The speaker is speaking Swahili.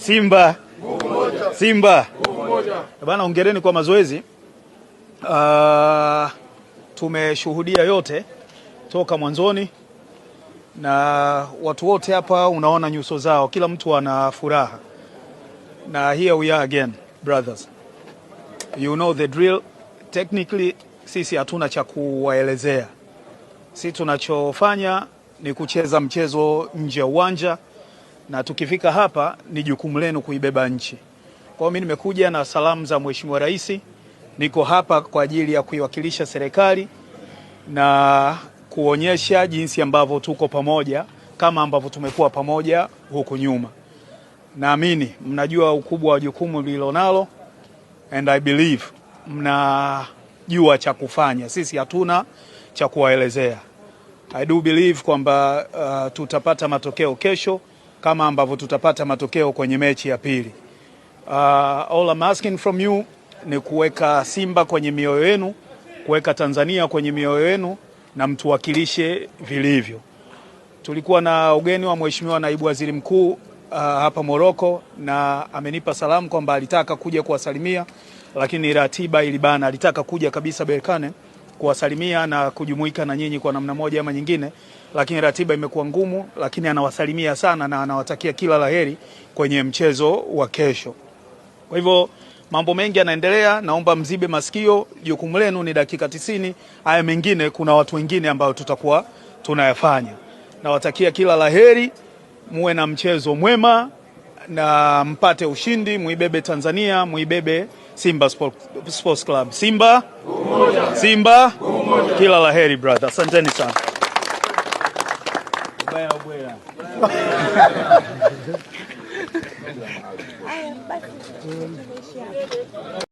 Simba Umoja. Simba Umoja. Bana, ongereni kwa mazoezi. Uh, tumeshuhudia yote toka mwanzoni na watu wote hapa unaona nyuso zao, kila mtu ana furaha, na here we are again brothers, you know the drill. Technically sisi hatuna cha kuwaelezea, si tunachofanya ni kucheza mchezo nje ya uwanja na tukifika hapa ni jukumu lenu kuibeba nchi. Kwa hiyo mimi nimekuja na salamu za Mheshimiwa Rais, niko hapa kwa ajili ya kuiwakilisha serikali na kuonyesha jinsi ambavyo tuko pamoja kama ambavyo tumekuwa pamoja huku nyuma. Naamini mnajua ukubwa wa jukumu lililonalo and I believe mnajua cha kufanya. Sisi hatuna cha kuwaelezea. I do believe kwamba uh, tutapata matokeo kesho kama ambavyo tutapata matokeo kwenye mechi ya pili. Uh, all I'm asking from you ni kuweka Simba kwenye mioyo yenu, kuweka Tanzania kwenye mioyo yenu na mtuwakilishe vilivyo. Tulikuwa na ugeni wa Mheshimiwa Naibu Waziri Mkuu uh, hapa Moroko na amenipa salamu kwamba alitaka kuja kuwasalimia, lakini ratiba ilibana. Alitaka kuja kabisa Berkane kuwasalimia na kujumuika na nyinyi kwa namna moja ama nyingine, lakini ratiba imekuwa ngumu, lakini anawasalimia sana na anawatakia kila laheri kwenye mchezo wa kesho. Kwa hivyo mambo mengi yanaendelea, naomba mzibe masikio. Jukumu lenu ni dakika tisini. Haya mengine kuna watu wengine ambao tutakuwa tunayafanya. Nawatakia kila laheri, muwe na mchezo mwema na mpate ushindi, muibebe Tanzania, muibebe Simba Sports Club. Simba umoja, Simba umoja. Kila la heri brother, asanteni sana